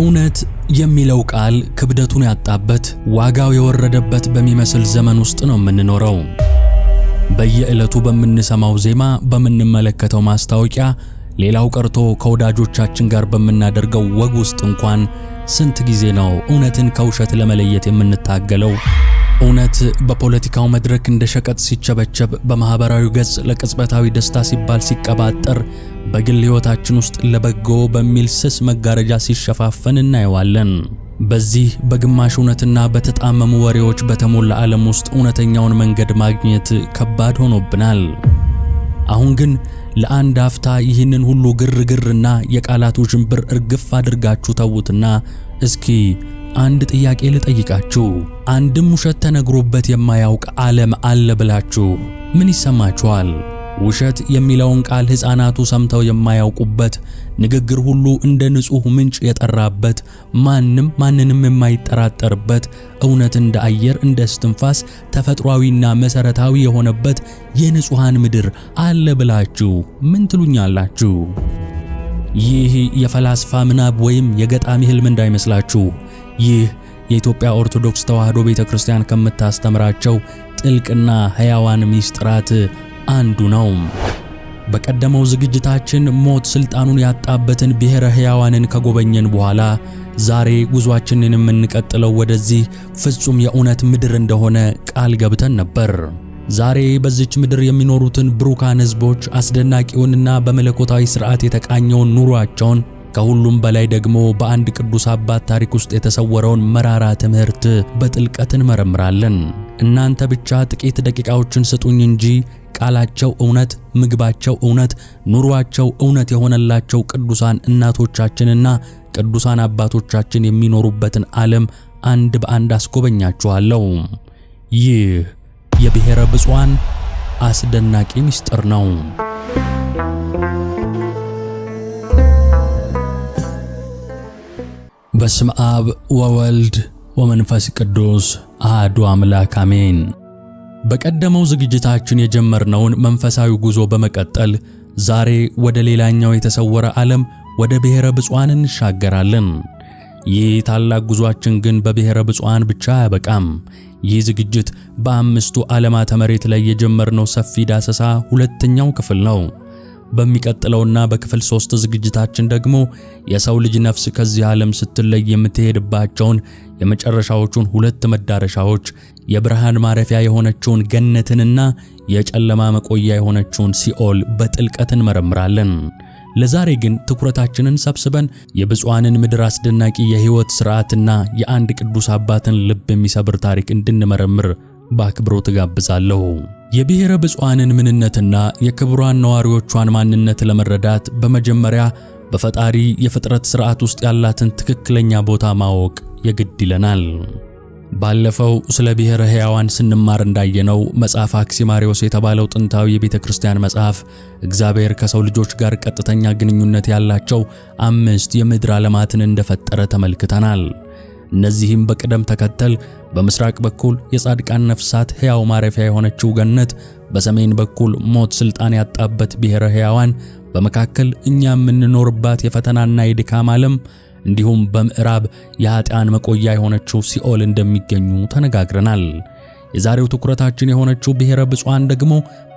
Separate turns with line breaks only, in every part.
እውነት የሚለው ቃል ክብደቱን ያጣበት ዋጋው የወረደበት በሚመስል ዘመን ውስጥ ነው የምንኖረው። በየዕለቱ በምንሰማው ዜማ፣ በምንመለከተው ማስታወቂያ፣ ሌላው ቀርቶ ከወዳጆቻችን ጋር በምናደርገው ወግ ውስጥ እንኳን ስንት ጊዜ ነው እውነትን ከውሸት ለመለየት የምንታገለው? እውነት በፖለቲካው መድረክ እንደ ሸቀጥ ሲቸበቸብ፣ በማህበራዊ ገጽ ለቅጽበታዊ ደስታ ሲባል ሲቀባጠር፣ በግል ሕይወታችን ውስጥ ለበጎ በሚል ስስ መጋረጃ ሲሸፋፈን እናየዋለን። በዚህ በግማሽ እውነትና በተጣመሙ ወሬዎች በተሞላ ዓለም ውስጥ እውነተኛውን መንገድ ማግኘት ከባድ ሆኖብናል። አሁን ግን ለአንድ አፍታ ይህንን ሁሉ ግርግርና የቃላቱ ውዥንብር እርግፍ አድርጋችሁ ተዉትና እስኪ አንድ ጥያቄ ልጠይቃችሁ። አንድም ውሸት ተነግሮበት የማያውቅ ዓለም አለ ብላችሁ ምን ይሰማችኋል? ውሸት የሚለውን ቃል ሕፃናቱ ሰምተው የማያውቁበት፣ ንግግር ሁሉ እንደ ንጹሕ ምንጭ የጠራበት፣ ማንም ማንንም የማይጠራጠርበት፣ እውነት እንደ አየር እንደ እስትንፋስ ተፈጥሯዊና መሠረታዊ የሆነበት የንጹሐን ምድር አለ ብላችሁ ምን ትሉኛላችሁ? ይህ የፈላስፋ ምናብ ወይም የገጣሚ ህልም እንዳይመስላችሁ ይህ የኢትዮጵያ ኦርቶዶክስ ተዋሕዶ ቤተ ክርስቲያን ከምታስተምራቸው ጥልቅና ሕያዋን ምስጢራት አንዱ ነው። በቀደመው ዝግጅታችን ሞት ሥልጣኑን ያጣበትን ብሔረ ሕያዋንን ከጎበኘን በኋላ ዛሬ ጉዟችንን የምንቀጥለው ወደዚህ ፍጹም የእውነት ምድር እንደሆነ ቃል ገብተን ነበር። ዛሬ በዚች ምድር የሚኖሩትን ብሩካን ሕዝቦች አስደናቂውንና በመለኮታዊ ሥርዓት የተቃኘውን ኑሯቸውን ከሁሉም በላይ ደግሞ በአንድ ቅዱስ አባት ታሪክ ውስጥ የተሰወረውን መራራ ትምህርት በጥልቀት እንመረምራለን። እናንተ ብቻ ጥቂት ደቂቃዎችን ስጡኝ እንጂ ቃላቸው እውነት፣ ምግባቸው እውነት፣ ኑሯቸው እውነት የሆነላቸው ቅዱሳን እናቶቻችንና ቅዱሳን አባቶቻችን የሚኖሩበትን ዓለም አንድ በአንድ አስጎበኛችኋለሁ። ይህ የብሔረ ብፁዓን አስደናቂ ምስጢር ነው። በስም አብ ወወልድ ወመንፈስ ቅዱስ አሐዱ አምላክ አሜን። በቀደመው ዝግጅታችን የጀመርነውን መንፈሳዊ ጉዞ በመቀጠል ዛሬ ወደ ሌላኛው የተሰወረ ዓለም ወደ ብሔረ ብፁዓን እንሻገራለን። ይህ ታላቅ ጉዟችን ግን በብሔረ ብፁዓን ብቻ አያበቃም። ይህ ዝግጅት በአምስቱ ዓለማተ መሬት ላይ የጀመርነው ሰፊ ዳሰሳ ሁለተኛው ክፍል ነው። በሚቀጥለውና በክፍል ሶስት ዝግጅታችን ደግሞ የሰው ልጅ ነፍስ ከዚህ ዓለም ስትለይ የምትሄድባቸውን የመጨረሻዎቹን ሁለት መዳረሻዎች የብርሃን ማረፊያ የሆነችውን ገነትንና የጨለማ መቆያ የሆነችውን ሲኦል በጥልቀት እንመረምራለን። ለዛሬ ግን ትኩረታችንን ሰብስበን የብፁዓንን ምድር አስደናቂ የሕይወት ሥርዓትና የአንድ ቅዱስ አባትን ልብ የሚሰብር ታሪክ እንድንመረምር በአክብሮ ትጋብዛለሁ የብሔረ ብፁዓንን ምንነትና የክቡራን ነዋሪዎቿን ማንነት ለመረዳት በመጀመሪያ በፈጣሪ የፍጥረት ሥርዓት ውስጥ ያላትን ትክክለኛ ቦታ ማወቅ የግድ ይለናል። ባለፈው ስለ ብሔረ ሕያዋን ስንማር እንዳየነው መጽሐፍ አክሲማሪዎስ የተባለው ጥንታዊ የቤተ ክርስቲያን መጽሐፍ እግዚአብሔር ከሰው ልጆች ጋር ቀጥተኛ ግንኙነት ያላቸው አምስት የምድር ዓለማትን እንደፈጠረ ተመልክተናል። እነዚህም በቅደም ተከተል በምስራቅ በኩል የጻድቃን ነፍሳት ሕያው ማረፊያ የሆነችው ገነት፣ በሰሜን በኩል ሞት ሥልጣን ያጣበት ብሔረ ሕያዋን፣ በመካከል እኛ የምንኖርባት የፈተናና የድካም ዓለም እንዲሁም በምዕራብ የኃጢአን መቆያ የሆነችው ሲኦል እንደሚገኙ ተነጋግረናል። የዛሬው ትኩረታችን የሆነችው ብሔረ ብፁዓን ደግሞ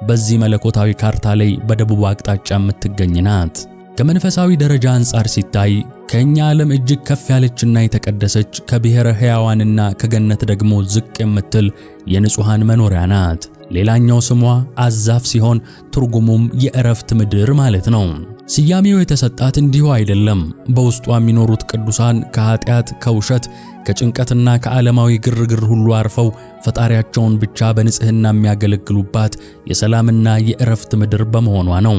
በዚህ መለኮታዊ ካርታ ላይ በደቡብ አቅጣጫ የምትገኝ ናት። ከመንፈሳዊ ደረጃ አንጻር ሲታይ ከእኛ ዓለም እጅግ ከፍ ያለችና የተቀደሰች ከብሔረ ሕያዋንና ከገነት ደግሞ ዝቅ የምትል የንጹሐን መኖሪያ ናት። ሌላኛው ስሟ አዛፍ ሲሆን ትርጉሙም የእረፍት ምድር ማለት ነው። ስያሜው የተሰጣት እንዲሁ አይደለም። በውስጧ የሚኖሩት ቅዱሳን ከኃጢአት፣ ከውሸት፣ ከጭንቀትና ከዓለማዊ ግርግር ሁሉ አርፈው ፈጣሪያቸውን ብቻ በንጽሕና የሚያገለግሉባት የሰላምና የእረፍት ምድር በመሆኗ ነው።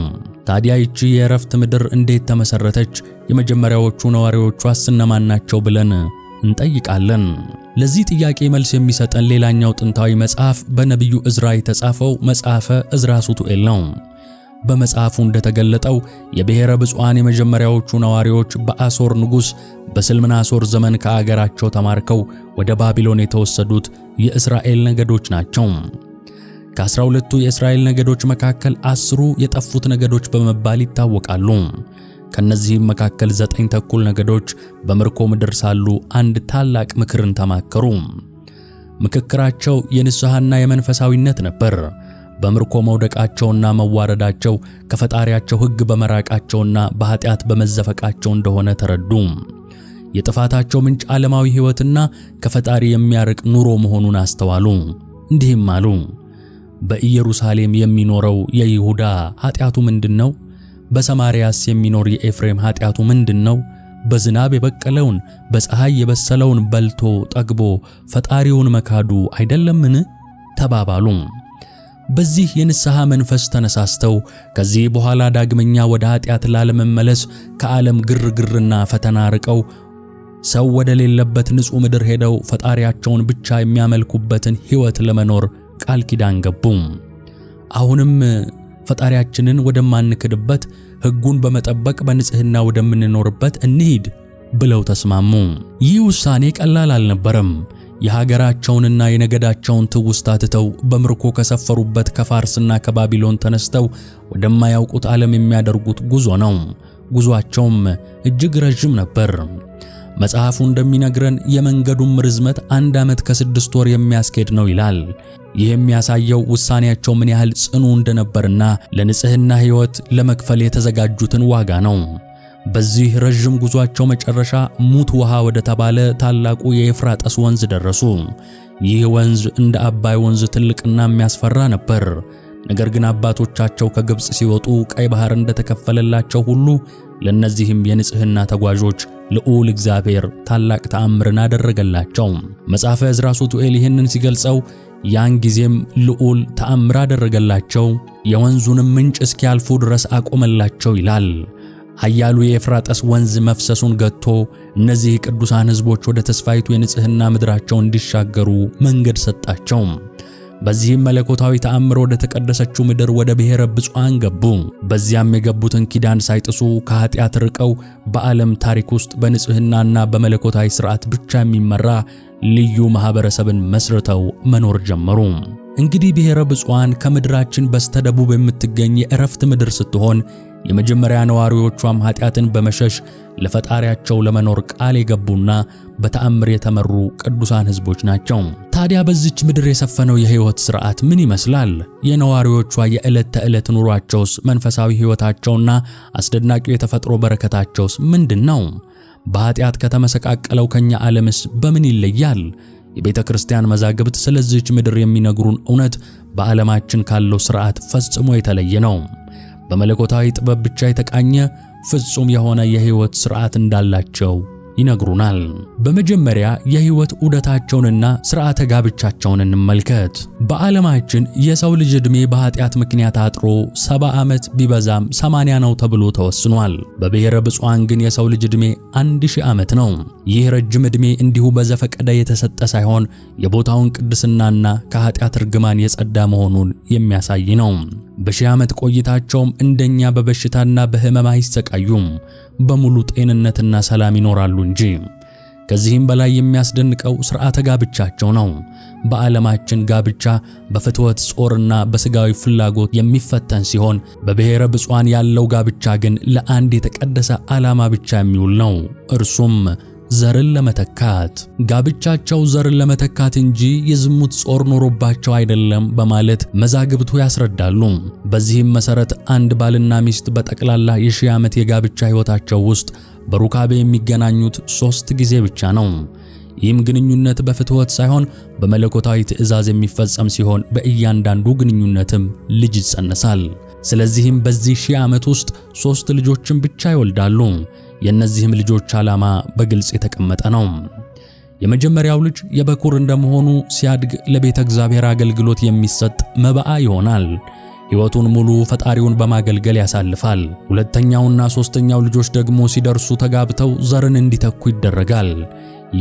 ታዲያ ይቺ የእረፍት ምድር እንዴት ተመሰረተች? የመጀመሪያዎቹ ነዋሪዎቿስ እነማን ናቸው? ብለን እንጠይቃለን። ለዚህ ጥያቄ መልስ የሚሰጠን ሌላኛው ጥንታዊ መጽሐፍ በነቢዩ ዕዝራ የተጻፈው መጽሐፈ ዕዝራ ሱቱኤል ነው። በመጽሐፉ እንደተገለጠው የብሔረ ብፁዓን የመጀመሪያዎቹ ነዋሪዎች በአሶር ንጉሥ በስልምናሶር ዘመን ከአገራቸው ተማርከው ወደ ባቢሎን የተወሰዱት የእስራኤል ነገዶች ናቸው። ከአስራ ሁለቱ የእስራኤል ነገዶች መካከል አስሩ የጠፉት ነገዶች በመባል ይታወቃሉ። ከነዚህም መካከል ዘጠኝ ተኩል ነገዶች በምርኮ ምድር ሳሉ አንድ ታላቅ ምክርን ተማከሩ። ምክክራቸው የንስሐና የመንፈሳዊነት ነበር። በምርኮ መውደቃቸውና መዋረዳቸው ከፈጣሪያቸው ሕግ በመራቃቸውና በኃጢአት በመዘፈቃቸው እንደሆነ ተረዱ። የጥፋታቸው ምንጭ ዓለማዊ ሕይወትና ከፈጣሪ የሚያርቅ ኑሮ መሆኑን አስተዋሉ። እንዲህም አሉ፦ በኢየሩሳሌም የሚኖረው የይሁዳ ኃጢአቱ ምንድን ነው? በሰማርያስ የሚኖር የኤፍሬም ኃጢአቱ ምንድን ነው? በዝናብ የበቀለውን በፀሐይ የበሰለውን በልቶ ጠግቦ ፈጣሪውን መካዱ አይደለምን? ተባባሉ። በዚህ የንስሐ መንፈስ ተነሳስተው ከዚህ በኋላ ዳግመኛ ወደ ኃጢአት ላለመመለስ ከዓለም ግርግርና ፈተና ርቀው ሰው ወደ ሌለበት ንጹሕ ምድር ሄደው ፈጣሪያቸውን ብቻ የሚያመልኩበትን ሕይወት ለመኖር ቃል ኪዳን ገቡ። አሁንም ፈጣሪያችንን ወደማንክድበት ሕጉን በመጠበቅ በንጽህና ወደምንኖርበት እንሂድ ብለው ተስማሙ። ይህ ውሳኔ ቀላል አልነበረም። የሀገራቸውንና የነገዳቸውን ትውስታ ትተው በምርኮ ከሰፈሩበት ከፋርስና ከባቢሎን ተነስተው ወደማያውቁት ዓለም የሚያደርጉት ጉዞ ነው። ጉዞአቸውም እጅግ ረዥም ነበር። መጽሐፉ እንደሚነግረን የመንገዱም ርዝመት አንድ ዓመት ከስድስት ወር የሚያስኬድ ነው ይላል። ይህ የሚያሳየው ውሳኔያቸው ምን ያህል ጽኑ እንደነበርና ለንጽህና ሕይወት ለመክፈል የተዘጋጁትን ዋጋ ነው። በዚህ ረዥም ጉዟቸው መጨረሻ ሙት ውሃ ወደ ተባለ ታላቁ የኤፍራጠስ ወንዝ ደረሱ። ይህ ወንዝ እንደ አባይ ወንዝ ትልቅና የሚያስፈራ ነበር። ነገር ግን አባቶቻቸው ከግብፅ ሲወጡ ቀይ ባህር እንደተከፈለላቸው ሁሉ ለእነዚህም የንጽህና ተጓዦች ልዑል እግዚአብሔር ታላቅ ተአምርን አደረገላቸው። መጽሐፈ ዕዝራ ሱቱኤል ይህንን ሲገልጸው ያን ጊዜም ልዑል ተአምር አደረገላቸው፣ የወንዙንም ምንጭ እስኪያልፉ ድረስ አቆመላቸው ይላል። ኃያሉ የኤፍራጠስ ወንዝ መፍሰሱን ገጥቶ እነዚህ ቅዱሳን ሕዝቦች ወደ ተስፋይቱ የንጽህና ምድራቸው እንዲሻገሩ መንገድ ሰጣቸው። በዚህም መለኮታዊ ተአምር ወደ ተቀደሰችው ምድር ወደ ብሔረ ብፁዓን ገቡ። በዚያም የገቡትን ኪዳን ሳይጥሱ ከኃጢአት ርቀው በዓለም ታሪክ ውስጥ በንጽህናና በመለኮታዊ ሥርዓት ብቻ የሚመራ ልዩ ማኅበረሰብን መስርተው መኖር ጀመሩ። እንግዲህ ብሔረ ብፁዓን ከምድራችን በስተደቡብ የምትገኝ የእረፍት ምድር ስትሆን የመጀመሪያ ነዋሪዎቿም ኃጢአትን በመሸሽ ለፈጣሪያቸው ለመኖር ቃል የገቡና በተአምር የተመሩ ቅዱሳን ሕዝቦች ናቸው። ታዲያ በዚች ምድር የሰፈነው የህይወት ስርዓት ምን ይመስላል? የነዋሪዎቿ የዕለት ተዕለት ኑሯቸውስ፣ መንፈሳዊ ህይወታቸውና አስደናቂው የተፈጥሮ በረከታቸውስ ምንድን ነው? በኃጢአት ከተመሰቃቀለው ከኛ ዓለምስ በምን ይለያል? የቤተ ክርስቲያን መዛግብት ስለዚች ምድር የሚነግሩን እውነት በዓለማችን ካለው ስርዓት ፈጽሞ የተለየ ነው። በመለኮታዊ ጥበብ ብቻ የተቃኘ ፍጹም የሆነ የህይወት ስርዓት እንዳላቸው ይነግሩናል። በመጀመሪያ የህይወት ዑደታቸውንና ስርዓተ ጋብቻቸውን እንመልከት። በዓለማችን የሰው ልጅ ዕድሜ በኃጢአት ምክንያት አጥሮ ሰባ ዓመት ቢበዛም ሰማንያ ነው ተብሎ ተወስኗል። በብሔረ ብፁዓን ግን የሰው ልጅ ዕድሜ አንድ ሺህ ዓመት ነው። ይህ ረጅም ዕድሜ እንዲሁ በዘፈቀደ የተሰጠ ሳይሆን የቦታውን ቅድስናና ከኃጢአት እርግማን የጸዳ መሆኑን የሚያሳይ ነው። በሺህ ዓመት ቆይታቸውም እንደኛ በበሽታና በህመም አይሰቃዩም፣ በሙሉ ጤንነትና ሰላም ይኖራሉ እንጂ። ከዚህም በላይ የሚያስደንቀው ሥርዓተ ጋብቻቸው ነው። በዓለማችን ጋብቻ በፍትወት ጾርና በሥጋዊ ፍላጎት የሚፈተን ሲሆን፣ በብሔረ ብፁዓን ያለው ጋብቻ ግን ለአንድ የተቀደሰ ዓላማ ብቻ የሚውል ነው እርሱም ዘርን ለመተካት ጋብቻቸው ዘርን ለመተካት እንጂ የዝሙት ጾር ኖሮባቸው አይደለም በማለት መዛግብቱ ያስረዳሉ። በዚህም መሰረት አንድ ባልና ሚስት በጠቅላላ የሺህ ዓመት የጋብቻ ሕይወታቸው ውስጥ በሩካቤ የሚገናኙት ሦስት ጊዜ ብቻ ነው። ይህም ግንኙነት በፍትወት ሳይሆን በመለኮታዊ ትእዛዝ የሚፈጸም ሲሆን በእያንዳንዱ ግንኙነትም ልጅ ይጸነሳል። ስለዚህም በዚህ ሺህ ዓመት ውስጥ ሦስት ልጆችን ብቻ ይወልዳሉ። የእነዚህም ልጆች ዓላማ በግልጽ የተቀመጠ ነው። የመጀመሪያው ልጅ የበኩር እንደመሆኑ ሲያድግ ለቤተ እግዚአብሔር አገልግሎት የሚሰጥ መባዓ ይሆናል። ሕይወቱን ሙሉ ፈጣሪውን በማገልገል ያሳልፋል። ሁለተኛውና ሦስተኛው ልጆች ደግሞ ሲደርሱ ተጋብተው ዘርን እንዲተኩ ይደረጋል።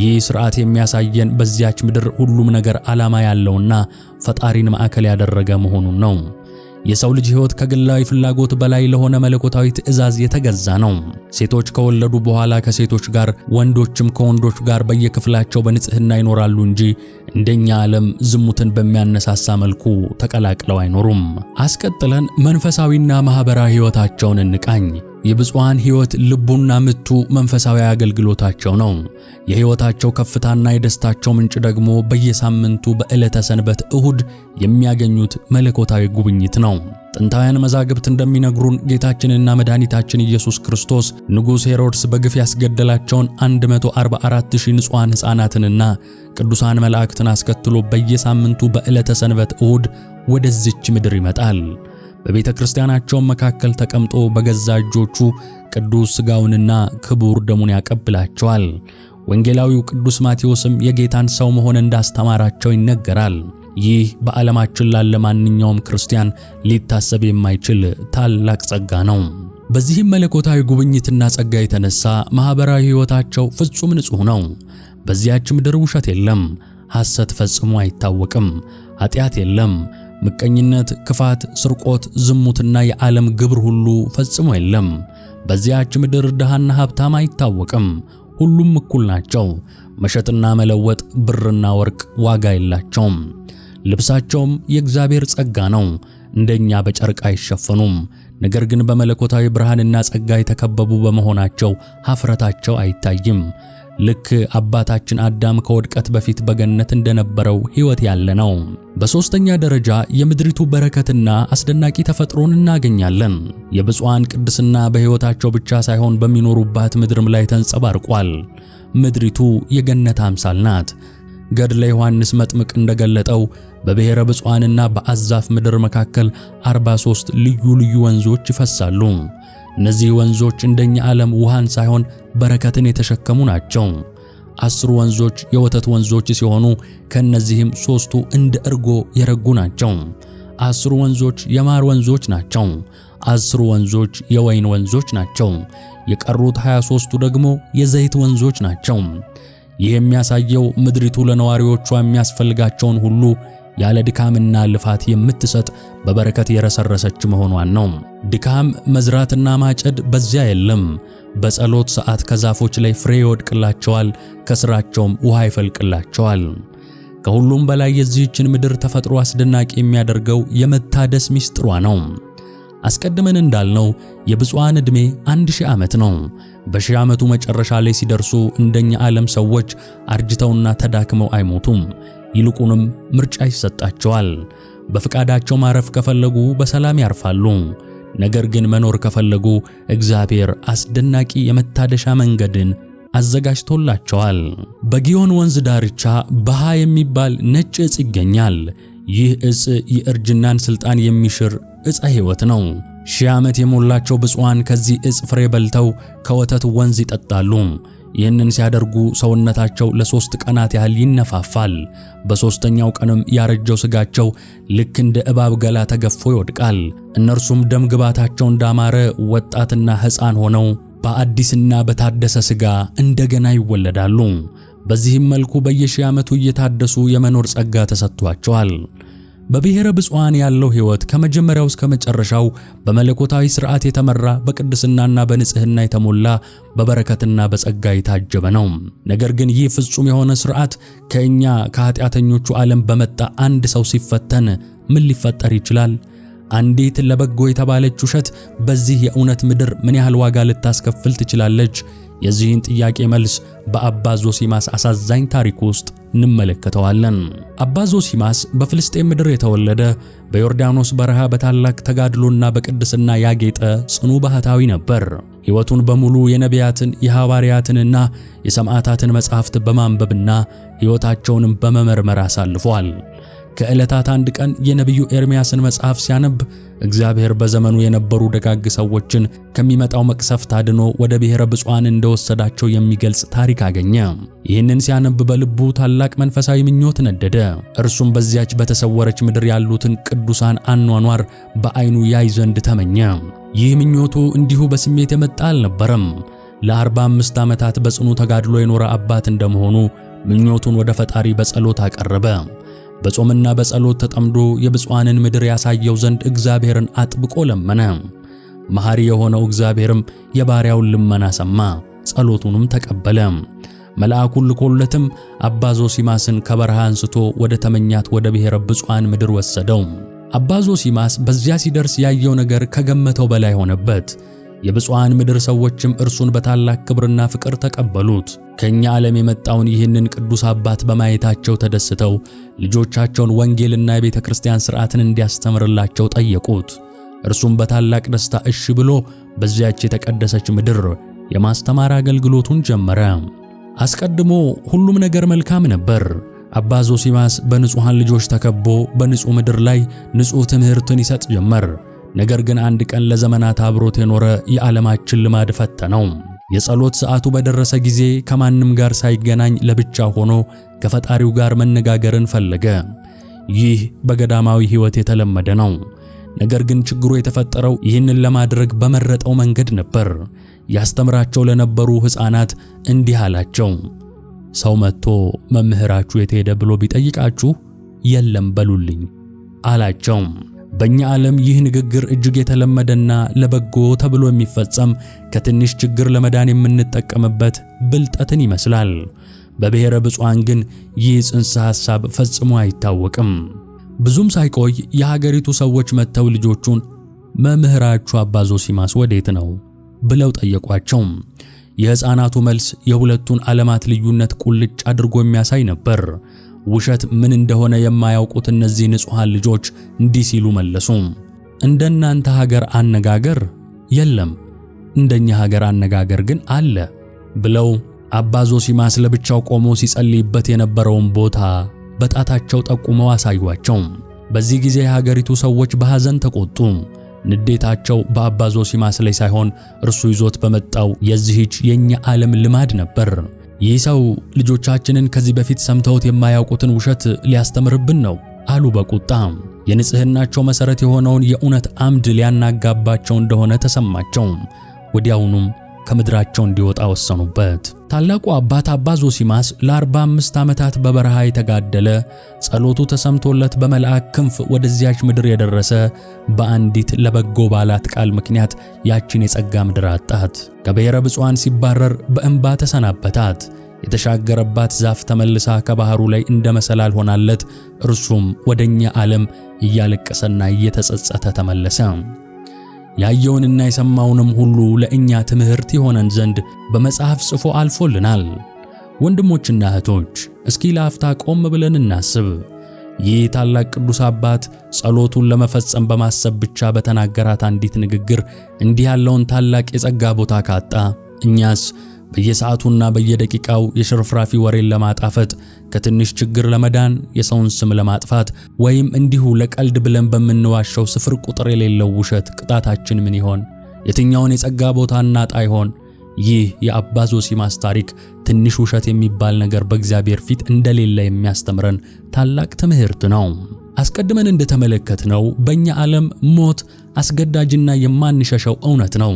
ይህ ሥርዓት የሚያሳየን በዚያች ምድር ሁሉም ነገር ዓላማ ያለውና ፈጣሪን ማዕከል ያደረገ መሆኑን ነው። የሰው ልጅ ሕይወት ከግላዊ ፍላጎት በላይ ለሆነ መለኮታዊ ትእዛዝ የተገዛ ነው። ሴቶች ከወለዱ በኋላ ከሴቶች ጋር፣ ወንዶችም ከወንዶች ጋር በየክፍላቸው በንጽህና ይኖራሉ እንጂ እንደኛ ዓለም ዝሙትን በሚያነሳሳ መልኩ ተቀላቅለው አይኖሩም። አስቀጥለን መንፈሳዊና ማኅበራዊ ሕይወታቸውን እንቃኝ። የብፁዓን ሕይወት ልቡና ምቱ መንፈሳዊ አገልግሎታቸው ነው። የሕይወታቸው ከፍታና የደስታቸው ምንጭ ደግሞ በየሳምንቱ በዕለተ ሰንበት እሁድ የሚያገኙት መለኮታዊ ጉብኝት ነው። ጥንታውያን መዛግብት እንደሚነግሩን ጌታችንና መድኃኒታችን ኢየሱስ ክርስቶስ ንጉሥ ሄሮድስ በግፍ ያስገደላቸውን 144,000 ንጹሐን ሕፃናትንና ቅዱሳን መላእክትን አስከትሎ በየሳምንቱ በዕለተ ሰንበት እሁድ ወደዚች ምድር ይመጣል። በቤተ ክርስቲያናቸውም መካከል ተቀምጦ በገዛ እጆቹ ቅዱስ ሥጋውንና ክቡር ደሙን ያቀብላቸዋል። ወንጌላዊው ቅዱስ ማቴዎስም የጌታን ሰው መሆን እንዳስተማራቸው ይነገራል። ይህ በዓለማችን ላለ ማንኛውም ክርስቲያን ሊታሰብ የማይችል ታላቅ ጸጋ ነው። በዚህም መለኮታዊ ጉብኝትና ጸጋ የተነሳ ማኅበራዊ ሕይወታቸው ፍጹም ንጹሕ ነው። በዚያች ምድር ውሸት የለም፣ ሐሰት ፈጽሞ አይታወቅም፣ ኃጢአት የለም ምቀኝነት፣ ክፋት፣ ስርቆት፣ ዝሙትና የዓለም ግብር ሁሉ ፈጽሞ የለም። በዚያች ምድር ድሃና ሀብታም አይታወቅም። ሁሉም እኩል ናቸው። መሸጥና መለወጥ፣ ብርና ወርቅ ዋጋ የላቸውም። ልብሳቸውም የእግዚአብሔር ጸጋ ነው። እንደኛ በጨርቅ አይሸፈኑም። ነገር ግን በመለኮታዊ ብርሃንና ጸጋ የተከበቡ በመሆናቸው ሀፍረታቸው አይታይም። ልክ አባታችን አዳም ከውድቀት በፊት በገነት እንደነበረው ሕይወት ያለ ነው። በሦስተኛ ደረጃ የምድሪቱ በረከትና አስደናቂ ተፈጥሮን እናገኛለን። የብፁዓን ቅድስና በሕይወታቸው ብቻ ሳይሆን በሚኖሩባት ምድርም ላይ ተንጸባርቋል። ምድሪቱ የገነት አምሳል ናት። ገድለ ዮሐንስ መጥምቅ እንደገለጠው በብሔረ ብፁዓንና በአዛፍ ምድር መካከል 43 ልዩ ልዩ ወንዞች ይፈሳሉ። እነዚህ ወንዞች እንደኛ ዓለም ውሃን ሳይሆን በረከትን የተሸከሙ ናቸው። አስሩ ወንዞች የወተት ወንዞች ሲሆኑ ከነዚህም ሶስቱ እንደ እርጎ የረጉ ናቸው። አስሩ ወንዞች የማር ወንዞች ናቸው። አስሩ ወንዞች የወይን ወንዞች ናቸው። የቀሩት 23ቱ ደግሞ የዘይት ወንዞች ናቸው። ይህ የሚያሳየው ምድሪቱ ለነዋሪዎቿ የሚያስፈልጋቸውን ሁሉ ያለ ድካምና ልፋት የምትሰጥ በበረከት የረሰረሰች መሆኗን ነው። ድካም መዝራትና ማጨድ በዚያ የለም። በጸሎት ሰዓት ከዛፎች ላይ ፍሬ ይወድቅላቸዋል፣ ከስራቸውም ውሃ ይፈልቅላቸዋል። ከሁሉም በላይ የዚህችን ምድር ተፈጥሮ አስደናቂ የሚያደርገው የመታደስ ምስጥሯ ነው። አስቀድመን እንዳልነው የብፁዓን ዕድሜ አንድ ሺህ ዓመት ነው። በሺህ ዓመቱ መጨረሻ ላይ ሲደርሱ እንደኛ ዓለም ሰዎች አርጅተውና ተዳክመው አይሞቱም። ይልቁንም ምርጫ ይሰጣቸዋል። በፈቃዳቸው ማረፍ ከፈለጉ በሰላም ያርፋሉ። ነገር ግን መኖር ከፈለጉ እግዚአብሔር አስደናቂ የመታደሻ መንገድን አዘጋጅቶላቸዋል። በጊዮን ወንዝ ዳርቻ በሃ የሚባል ነጭ እጽ ይገኛል። ይህ እጽ የእርጅናን ሥልጣን የሚሽር እጻ ሕይወት ነው። ሺህ ዓመት የሞላቸው ብፁዓን ከዚህ እጽ ፍሬ በልተው ከወተት ወንዝ ይጠጣሉ። ይህንን ሲያደርጉ ሰውነታቸው ለሦስት ቀናት ያህል ይነፋፋል። በሦስተኛው ቀንም ያረጀው ሥጋቸው ልክ እንደ እባብ ገላ ተገፎ ይወድቃል። እነርሱም ደም ግባታቸው እንዳማረ ወጣትና ሕፃን ሆነው በአዲስና በታደሰ ሥጋ እንደገና ይወለዳሉ። በዚህም መልኩ በየሺህ ዓመቱ እየታደሱ የመኖር ጸጋ ተሰጥቷቸዋል። በብሔረ ብፁዓን ያለው ሕይወት ከመጀመሪያው እስከ መጨረሻው በመለኮታዊ ሥርዓት የተመራ በቅድስናና በንጽህና የተሞላ በበረከትና በጸጋ የታጀበ ነው። ነገር ግን ይህ ፍጹም የሆነ ሥርዓት ከእኛ ከኃጢአተኞቹ ዓለም በመጣ አንድ ሰው ሲፈተን ምን ሊፈጠር ይችላል? አንዲት ለበጎ የተባለች ውሸት በዚህ የእውነት ምድር ምን ያህል ዋጋ ልታስከፍል ትችላለች? የዚህን ጥያቄ መልስ በአባ ዞሲማስ አሳዛኝ ታሪክ ውስጥ እንመለከተዋለን። አባ ዞሲማስ በፍልስጤም ምድር የተወለደ በዮርዳኖስ በረሃ በታላቅ ተጋድሎና በቅድስና ያጌጠ ጽኑ ባህታዊ ነበር። ሕይወቱን በሙሉ የነቢያትን የሐዋርያትንና የሰማዕታትን መጻሕፍት በማንበብና ሕይወታቸውንም በመመርመር አሳልፏል። ከዕለታት አንድ ቀን የነቢዩ ኤርምያስን መጽሐፍ ሲያነብ እግዚአብሔር በዘመኑ የነበሩ ደጋግ ሰዎችን ከሚመጣው መቅሰፍት አድኖ ወደ ብሔረ ብፁዓን እንደወሰዳቸው የሚገልጽ ታሪክ አገኘ። ይህንን ሲያነብ በልቡ ታላቅ መንፈሳዊ ምኞት ነደደ። እርሱም በዚያች በተሰወረች ምድር ያሉትን ቅዱሳን አኗኗር በአይኑ ያይ ዘንድ ተመኘ። ይህ ምኞቱ እንዲሁ በስሜት የመጣ አልነበረም። ለአርባ አምስት ዓመታት በጽኑ ተጋድሎ የኖረ አባት እንደመሆኑ ምኞቱን ወደ ፈጣሪ በጸሎት አቀረበ። በጾምና በጸሎት ተጠምዶ የብፁዓንን ምድር ያሳየው ዘንድ እግዚአብሔርን አጥብቆ ለመነ። መሐሪ የሆነው እግዚአብሔርም የባሪያውን ልመና ሰማ፣ ጸሎቱንም ተቀበለ። መልአኩን ልኮለትም አባ ዞሲማስን ከበረሃ አንስቶ ወደ ተመኛት ወደ ብሔረ ብፁዓን ምድር ወሰደው። አባ ዞሲማስ በዚያ ሲደርስ ያየው ነገር ከገመተው በላይ ሆነበት። የብፁዓን ምድር ሰዎችም እርሱን በታላቅ ክብርና ፍቅር ተቀበሉት። ከኛ ዓለም የመጣውን ይህንን ቅዱስ አባት በማየታቸው ተደስተው ልጆቻቸውን ወንጌልና የቤተ ክርስቲያን ሥርዓትን እንዲያስተምርላቸው ጠየቁት። እርሱም በታላቅ ደስታ እሺ ብሎ በዚያች የተቀደሰች ምድር የማስተማር አገልግሎቱን ጀመረ። አስቀድሞ ሁሉም ነገር መልካም ነበር። አባ ዞሲማስ በንጹሐን ልጆች ተከቦ በንጹሕ ምድር ላይ ንጹሕ ትምህርትን ይሰጥ ጀመር። ነገር ግን አንድ ቀን ለዘመናት አብሮት የኖረ የዓለማችን ልማድ ፈተነው። የጸሎት ሰዓቱ በደረሰ ጊዜ ከማንም ጋር ሳይገናኝ ለብቻ ሆኖ ከፈጣሪው ጋር መነጋገርን ፈለገ። ይህ በገዳማዊ ሕይወት የተለመደ ነው። ነገር ግን ችግሩ የተፈጠረው ይህንን ለማድረግ በመረጠው መንገድ ነበር። ያስተምራቸው ለነበሩ ሕፃናት እንዲህ አላቸው። ሰው መጥቶ መምህራችሁ የት ሄደ ብሎ ቢጠይቃችሁ የለም በሉልኝ አላቸው። በእኛ ዓለም ይህ ንግግር እጅግ የተለመደና ለበጎ ተብሎ የሚፈጸም ከትንሽ ችግር ለመዳን የምንጠቀምበት ብልጠትን ይመስላል። በብሔረ ብፁዓን ግን ይህ ጽንሰ ሐሳብ ፈጽሞ አይታወቅም። ብዙም ሳይቆይ የሀገሪቱ ሰዎች መጥተው ልጆቹን መምህራችሁ አባ ዞሲማስ ወዴት ነው ብለው ጠየቋቸው። የሕፃናቱ መልስ የሁለቱን ዓለማት ልዩነት ቁልጭ አድርጎ የሚያሳይ ነበር። ውሸት ምን እንደሆነ የማያውቁት እነዚህ ንጹሐን ልጆች እንዲህ ሲሉ መለሱ፣ እንደናንተ ሀገር አነጋገር የለም፣ እንደኛ ሀገር አነጋገር ግን አለ ብለው አባ ዞሲማስ ለብቻው ቆሞ ሲጸልይበት የነበረውን ቦታ በጣታቸው ጠቁመው አሳዩአቸው። በዚህ ጊዜ የሀገሪቱ ሰዎች በሐዘን ተቆጡ። ንዴታቸው በአባ ዞሲማስ ላይ ሳይሆን እርሱ ይዞት በመጣው የዚህች የኛ ዓለም ልማድ ነበር። ይህ ሰው ልጆቻችንን ከዚህ በፊት ሰምተውት የማያውቁትን ውሸት ሊያስተምርብን ነው አሉ በቁጣ። የንጽህናቸው መሰረት የሆነውን የእውነት አምድ ሊያናጋባቸው እንደሆነ ተሰማቸው። ወዲያውኑም ከምድራቸው እንዲወጣ ወሰኑበት። ታላቁ አባት አባ ዞሲማስ ለ45 ዓመታት በበረሃ የተጋደለ ጸሎቱ ተሰምቶለት በመልአክ ክንፍ ወደዚያች ምድር የደረሰ በአንዲት ለበጎ ባላት ቃል ምክንያት ያችን የጸጋ ምድር አጣት። ከብሔረ ብፁዓን ሲባረር በእንባ ተሰናበታት። የተሻገረባት ዛፍ ተመልሳ ከባህሩ ላይ እንደ መሰላል ሆናለት። እርሱም ወደኛ ዓለም እያለቀሰና እየተጸጸተ ተመለሰ። ያየውንና የሰማውንም ሁሉ ለእኛ ትምህርት ይሆነን ዘንድ በመጽሐፍ ጽፎ አልፎልናል። ወንድሞችና እህቶች እስኪ ለአፍታ ቆም ብለን እናስብ። ይህ ታላቅ ቅዱስ አባት ጸሎቱን ለመፈጸም በማሰብ ብቻ በተናገራት አንዲት ንግግር እንዲህ ያለውን ታላቅ የጸጋ ቦታ ካጣ እኛስ በየሰዓቱና በየደቂቃው የሽርፍራፊ ወሬን ለማጣፈጥ ከትንሽ ችግር ለመዳን የሰውን ስም ለማጥፋት ወይም እንዲሁ ለቀልድ ብለን በምንዋሸው ስፍር ቁጥር የሌለው ውሸት ቅጣታችን ምን ይሆን? የትኛውን የጸጋ ቦታ እናጣ ይሆን? ይህ የአባ ዞሲማስ ታሪክ ትንሽ ውሸት የሚባል ነገር በእግዚአብሔር ፊት እንደሌለ የሚያስተምረን ታላቅ ትምህርት ነው። አስቀድመን እንደተመለከትነው በእኛ ዓለም ሞት አስገዳጅና የማንሸሸው እውነት ነው።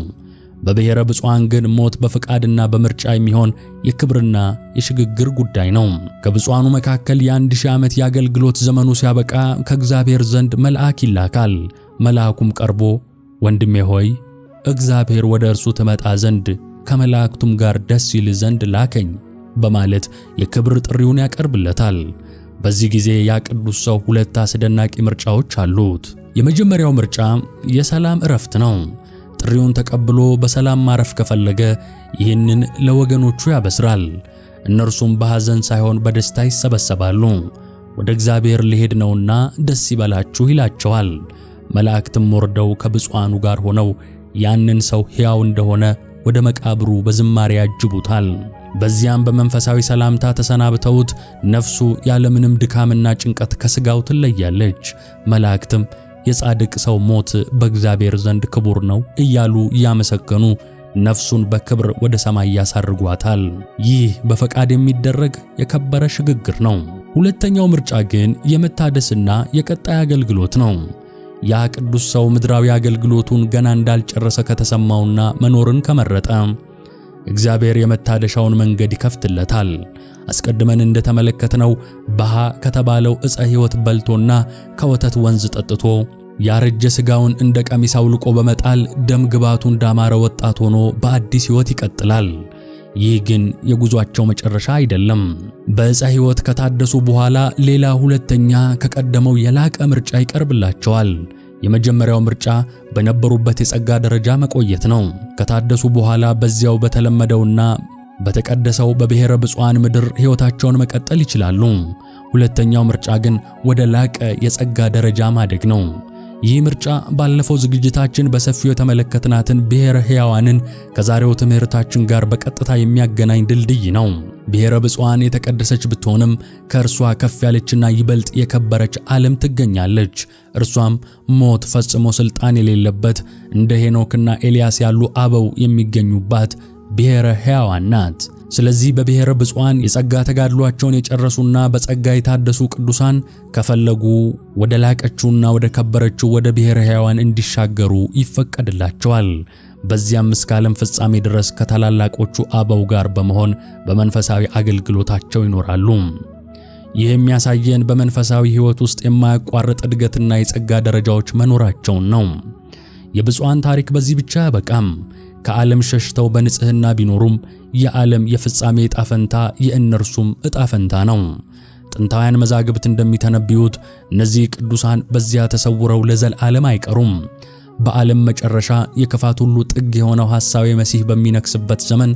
በብሔረ ብፁዓን ግን ሞት በፍቃድና በምርጫ የሚሆን የክብርና የሽግግር ጉዳይ ነው። ከብፁዓኑ መካከል የአንድ ሺህ ዓመት የአገልግሎት ዘመኑ ሲያበቃ ከእግዚአብሔር ዘንድ መልአክ ይላካል። መልአኩም ቀርቦ ወንድሜ ሆይ እግዚአብሔር ወደ እርሱ ትመጣ ዘንድ ከመላእክቱም ጋር ደስ ይል ዘንድ ላከኝ በማለት የክብር ጥሪውን ያቀርብለታል። በዚህ ጊዜ ያ ቅዱስ ሰው ሁለት አስደናቂ ምርጫዎች አሉት። የመጀመሪያው ምርጫ የሰላም ዕረፍት ነው። ጥሪውን ተቀብሎ በሰላም ማረፍ ከፈለገ ይህንን ለወገኖቹ ያበስራል። እነርሱም በሐዘን ሳይሆን በደስታ ይሰበሰባሉ። ወደ እግዚአብሔር ሊሄድ ነውና ደስ ይበላችሁ ይላቸዋል። መላእክትም ወርደው ከብፁዓኑ ጋር ሆነው ያንን ሰው ሕያው እንደሆነ ወደ መቃብሩ በዝማሬ ያጅቡታል። በዚያም በመንፈሳዊ ሰላምታ ተሰናብተውት ነፍሱ ያለምንም ድካምና ጭንቀት ከሥጋው ትለያለች። መላእክትም የጻድቅ ሰው ሞት በእግዚአብሔር ዘንድ ክቡር ነው እያሉ እያመሰገኑ ነፍሱን በክብር ወደ ሰማይ ያሳርጓታል። ይህ በፈቃድ የሚደረግ የከበረ ሽግግር ነው። ሁለተኛው ምርጫ ግን የመታደስና የቀጣይ አገልግሎት ነው። ያ ቅዱስ ሰው ምድራዊ አገልግሎቱን ገና እንዳልጨረሰ ከተሰማውና መኖርን ከመረጠ እግዚአብሔር የመታደሻውን መንገድ ይከፍትለታል። አስቀድመን እንደተመለከትነው በሃ ከተባለው ዕፀ ሕይወት በልቶና ከወተት ወንዝ ጠጥቶ ያረጀ ሥጋውን እንደ ቀሚስ አውልቆ በመጣል ደም ግባቱ እንዳማረ ወጣት ሆኖ በአዲስ ሕይወት ይቀጥላል። ይህ ግን የጉዟቸው መጨረሻ አይደለም። በዕፀ ሕይወት ከታደሱ በኋላ ሌላ ሁለተኛ ከቀደመው የላቀ ምርጫ ይቀርብላቸዋል። የመጀመሪያው ምርጫ በነበሩበት የጸጋ ደረጃ መቆየት ነው። ከታደሱ በኋላ በዚያው በተለመደውና በተቀደሰው በብሔረ ብፁዓን ምድር ሕይወታቸውን መቀጠል ይችላሉ። ሁለተኛው ምርጫ ግን ወደ ላቀ የጸጋ ደረጃ ማደግ ነው። ይህ ምርጫ ባለፈው ዝግጅታችን በሰፊው የተመለከትናትን ብሔረ ሕያዋንን ከዛሬው ትምህርታችን ጋር በቀጥታ የሚያገናኝ ድልድይ ነው። ብሔረ ብፁዓን የተቀደሰች ብትሆንም ከእርሷ ከፍ ያለችና ይበልጥ የከበረች ዓለም ትገኛለች። እርሷም ሞት ፈጽሞ ሥልጣን የሌለበት እንደ ሄኖክና ኤልያስ ያሉ አበው የሚገኙባት ብሔረ ሕያዋን ናት። ስለዚህ በብሔረ ብፁዓን የጸጋ ተጋድሏቸውን የጨረሱና በጸጋ የታደሱ ቅዱሳን ከፈለጉ ወደ ላቀችውና ወደ ከበረችው ወደ ብሔረ ሕያዋን እንዲሻገሩ ይፈቀድላቸዋል። በዚያም እስከ ዓለም ፍጻሜ ድረስ ከታላላቆቹ አበው ጋር በመሆን በመንፈሳዊ አገልግሎታቸው ይኖራሉ። ይህ የሚያሳየን በመንፈሳዊ ሕይወት ውስጥ የማያቋርጥ እድገትና የጸጋ ደረጃዎች መኖራቸውን ነው። የብፁዓን ታሪክ በዚህ ብቻ በቃም ከዓለም ሸሽተው በንጽህና ቢኖሩም የዓለም የፍጻሜ ዕጣ ፈንታ የእነርሱም ዕጣ ፈንታ ነው። ጥንታውያን መዛግብት እንደሚተነብዩት እነዚህ ቅዱሳን በዚያ ተሰውረው ለዘላለም አይቀሩም። በዓለም መጨረሻ የክፋት ሁሉ ጥግ የሆነው ሐሳዊ መሲህ በሚነክስበት ዘመን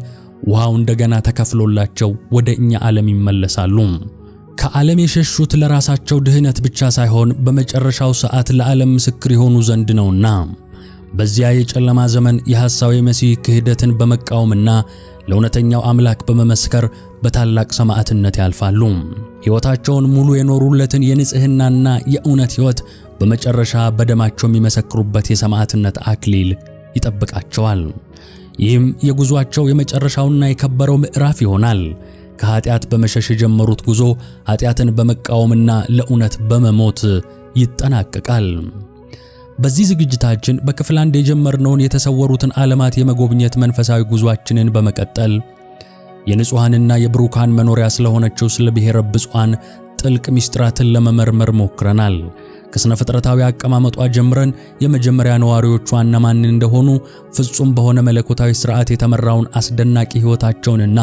ውሃው እንደገና ተከፍሎላቸው ወደ እኛ ዓለም ይመለሳሉ። ከዓለም የሸሹት ለራሳቸው ድህነት ብቻ ሳይሆን በመጨረሻው ሰዓት ለዓለም ምስክር የሆኑ ዘንድ ነውና በዚያ የጨለማ ዘመን የሐሳዊ መሲህ ክህደትን በመቃወምና ለእውነተኛው አምላክ በመመስከር በታላቅ ሰማዕትነት ያልፋሉ። ሕይወታቸውን ሙሉ የኖሩለትን የንጽሕናና የእውነት ሕይወት በመጨረሻ በደማቸው የሚመሰክሩበት የሰማዕትነት አክሊል ይጠብቃቸዋል። ይህም የጉዟቸው የመጨረሻውና የከበረው ምዕራፍ ይሆናል። ከኃጢአት በመሸሽ የጀመሩት ጉዞ ኃጢአትን በመቃወምና ለእውነት በመሞት ይጠናቀቃል። በዚህ ዝግጅታችን በክፍል አንድ የጀመርነውን የተሰወሩትን ዓለማት የመጎብኘት መንፈሳዊ ጉዟችንን በመቀጠል የንጹሐንና የብሩካን መኖሪያ ስለሆነችው ስለ ብሔረ ብፁዓን ጥልቅ ምስጢራትን ለመመርመር ሞክረናል። ከሥነ ፍጥረታዊ አቀማመጧ ጀምረን የመጀመሪያ ነዋሪዎቿ እነማን እንደሆኑ፣ ፍጹም በሆነ መለኮታዊ ሥርዓት የተመራውን አስደናቂ ሕይወታቸውንና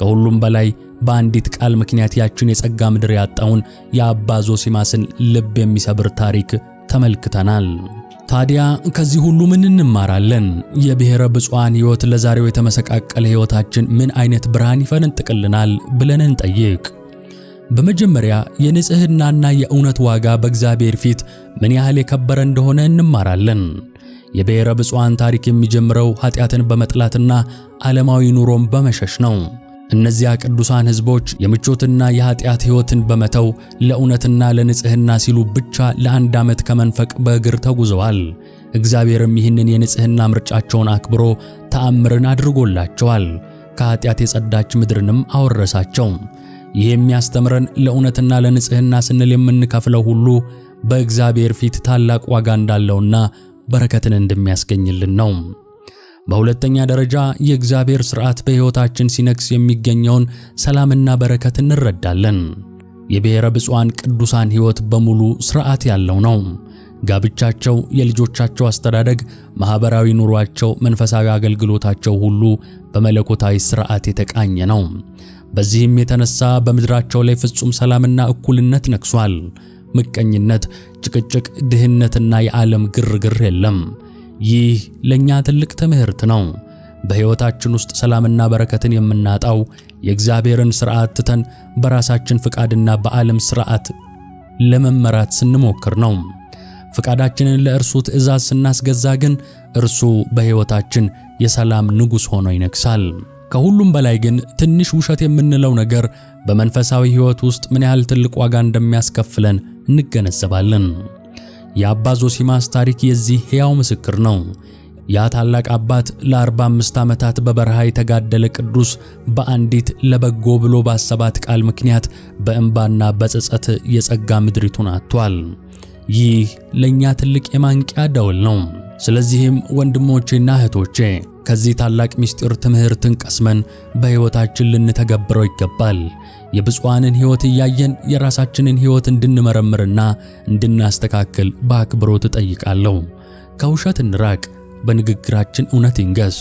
ከሁሉም በላይ በአንዲት ቃል ምክንያት ያችን የጸጋ ምድር ያጣውን የአባ ዞሲማስን ልብ የሚሰብር ታሪክ ተመልክተናል። ታዲያ ከዚህ ሁሉ ምን እንማራለን? የብሔረ ብፁዓን ሕይወት ለዛሬው የተመሰቃቀለ ሕይወታችን ምን አይነት ብርሃን ይፈነጥቅልናል ብለን እንጠይቅ። በመጀመሪያ የንጽህናና የእውነት ዋጋ በእግዚአብሔር ፊት ምን ያህል የከበረ እንደሆነ እንማራለን። የብሔረ ብፁዓን ታሪክ የሚጀምረው ኃጢአትን በመጥላትና ዓለማዊ ኑሮን በመሸሽ ነው። እነዚያ ቅዱሳን ሕዝቦች የምቾትና የኃጢአት ሕይወትን በመተው ለእውነትና ለንጽሕና ሲሉ ብቻ ለአንድ ዓመት ከመንፈቅ በእግር ተጉዘዋል። እግዚአብሔርም ይህንን የንጽሕና ምርጫቸውን አክብሮ ተአምርን አድርጎላቸዋል። ከኃጢአት የጸዳች ምድርንም አወረሳቸው። ይህ የሚያስተምረን ለእውነትና ለንጽሕና ስንል የምንከፍለው ሁሉ በእግዚአብሔር ፊት ታላቅ ዋጋ እንዳለውና በረከትን እንደሚያስገኝልን ነው። በሁለተኛ ደረጃ የእግዚአብሔር ሥርዓት በሕይወታችን ሲነግስ የሚገኘውን ሰላምና በረከት እንረዳለን። የብሔረ ብፁዓን ቅዱሳን ሕይወት በሙሉ ሥርዓት ያለው ነው። ጋብቻቸው፣ የልጆቻቸው አስተዳደግ፣ ማኅበራዊ ኑሯቸው፣ መንፈሳዊ አገልግሎታቸው ሁሉ በመለኮታዊ ሥርዓት የተቃኘ ነው። በዚህም የተነሳ በምድራቸው ላይ ፍጹም ሰላምና እኩልነት ነግሷል። ምቀኝነት፣ ጭቅጭቅ፣ ድህነትና የዓለም ግርግር የለም። ይህ ለእኛ ትልቅ ትምህርት ነው። በሕይወታችን ውስጥ ሰላምና በረከትን የምናጣው የእግዚአብሔርን ሥርዓት ትተን በራሳችን ፍቃድና በዓለም ሥርዓት ለመመራት ስንሞክር ነው። ፍቃዳችንን ለእርሱ ትእዛዝ ስናስገዛ ግን እርሱ በሕይወታችን የሰላም ንጉሥ ሆኖ ይነግሣል። ከሁሉም በላይ ግን ትንሽ ውሸት የምንለው ነገር በመንፈሳዊ ሕይወት ውስጥ ምን ያህል ትልቅ ዋጋ እንደሚያስከፍለን እንገነዘባለን። የአባ ዞሲማስ ታሪክ የዚህ ሕያው ምስክር ነው። ያ ታላቅ አባት ለ45 ዓመታት በበረሃ የተጋደለ ቅዱስ በአንዲት ለበጎ ብሎ ባሰባት ቃል ምክንያት በእንባና በጸጸት የጸጋ ምድሪቱን አጥቷል። ይህ ለእኛ ትልቅ የማንቂያ ደወል ነው። ስለዚህም ወንድሞቼና እህቶቼ ከዚህ ታላቅ ምስጢር ትምህርትን ቀስመን በሕይወታችን ልንተገብረው ይገባል። የብፁዓንን ሕይወት እያየን የራሳችንን ሕይወት እንድንመረምርና እንድናስተካክል በአክብሮት እጠይቃለሁ። ከውሸት እንራቅ፣ በንግግራችን እውነት ይንገስ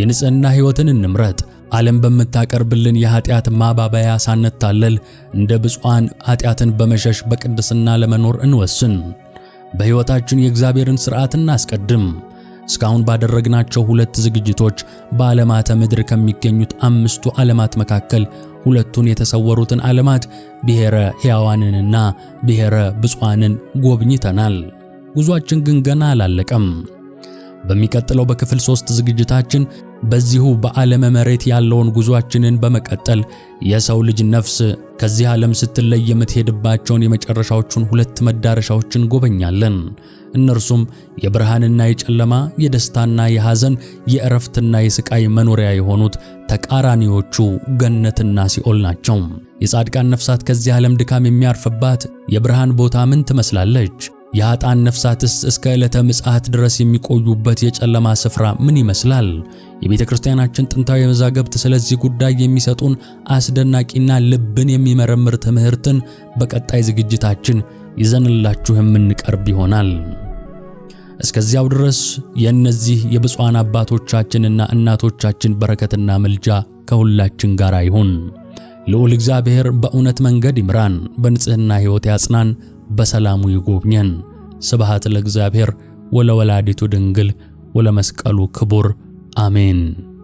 የንጽሕና ሕይወትን እንምረጥ። ዓለም በምታቀርብልን የኃጢአት ማባበያ ሳንታለል እንደ ብፁዓን ኃጢአትን በመሸሽ በቅድስና ለመኖር እንወስን። በሕይወታችን የእግዚአብሔርን ሥርዓት እናስቀድም። እስካሁን ባደረግናቸው ሁለት ዝግጅቶች በዓለማተ ምድር ከሚገኙት አምስቱ ዓለማት መካከል ሁለቱን የተሰወሩትን ዓለማት ብሔረ ሕያዋንንና ብሔረ ብፁዓንን ጎብኝተናል። ጉዟችን ግን ገና አላለቀም። በሚቀጥለው በክፍል ሦስት ዝግጅታችን በዚሁ በዓለመ መሬት ያለውን ጉዟችንን በመቀጠል የሰው ልጅ ነፍስ ከዚህ ዓለም ስትለይ የምትሄድባቸውን የመጨረሻዎቹን ሁለት መዳረሻዎችን ጎበኛለን። እነርሱም የብርሃንና የጨለማ፣ የደስታና የሐዘን፣ የእረፍትና የስቃይ መኖሪያ የሆኑት ተቃራኒዎቹ ገነትና ሲኦል ናቸው። የጻድቃን ነፍሳት ከዚህ ዓለም ድካም የሚያርፍባት የብርሃን ቦታ ምን ትመስላለች? የኃጥአን ነፍሳትስ እስከ ዕለተ ምጽአት ድረስ የሚቆዩበት የጨለማ ስፍራ ምን ይመስላል? የቤተ ክርስቲያናችን ጥንታዊ መዛገብት ስለዚህ ጉዳይ የሚሰጡን አስደናቂና ልብን የሚመረምር ትምህርትን በቀጣይ ዝግጅታችን ይዘንላችሁ የምንቀርብ ይሆናል። እስከዚያው ድረስ የእነዚህ የብፁዓን አባቶቻችንና እናቶቻችን በረከትና ምልጃ ከሁላችን ጋር ይሁን። ልዑል እግዚአብሔር በእውነት መንገድ ይምራን፣ በንጽህና ሕይወት ያጽናን። በሰላሙ ይጎብኘን። ስብሐት ለእግዚአብሔር ወለወላዲቱ ድንግል ወለመስቀሉ ክቡር አሜን።